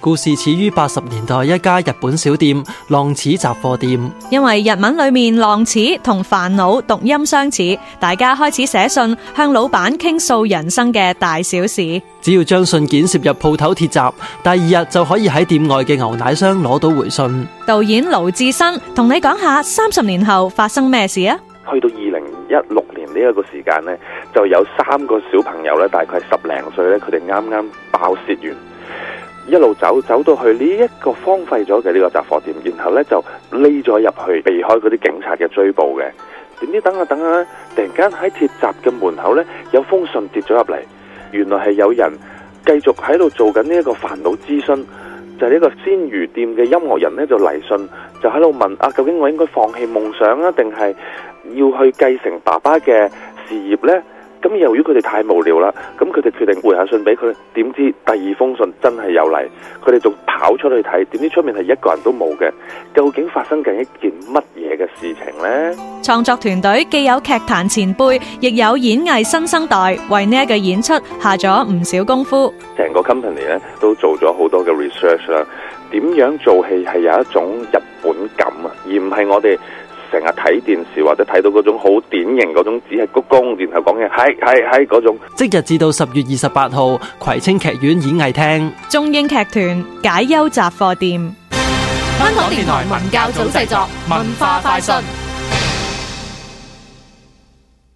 故事始於八十年代一家日本小店浪矢雜貨店，因為日文裏面浪矢同煩惱讀音相似，大家開始寫信向老闆傾訴人生嘅大小事。只要將信件攝入鋪頭鐵閘，第二日就可以喺店外嘅牛奶箱攞到回信。導演盧志新同你講下三十年後發生咩事啊？去到二零一六年呢一個時間咧，就有三個小朋友咧，大概十零歲咧，佢哋啱啱爆竊完。一路走走到去呢一個荒廢咗嘅呢個雜貨店，然後呢就匿咗入去避開嗰啲警察嘅追捕嘅。點知等下等下，突然間喺鐵閘嘅門口呢有封信跌咗入嚟，原來係有人繼續喺度做緊呢一個煩惱諮詢，就係呢個鮮魚店嘅音樂人呢，就嚟信，就喺度問啊，究竟我應該放棄夢想啊，定係要去繼承爸爸嘅事業呢？」咁由於佢哋太無聊啦，咁佢哋決定回下信俾佢。點知第二封信真係有嚟，佢哋仲跑出去睇，點知出面係一個人都冇嘅。究竟發生緊一件乜嘢嘅事情呢？創作團隊既有劇壇前輩，亦有演藝新生代，為呢一個演出下咗唔少功夫。成個 company 咧都做咗好多嘅 research 啦，點樣做戲係有一種日本感啊，而唔係我哋。成日睇電視或者睇到嗰種好典型嗰種，種，只係鞠躬然後講嘢。係係係嗰種。即日至到十月二十八號，葵青劇院演藝廳，中英劇團解憂雜貨店。香港電台文教組製作，文化快訊。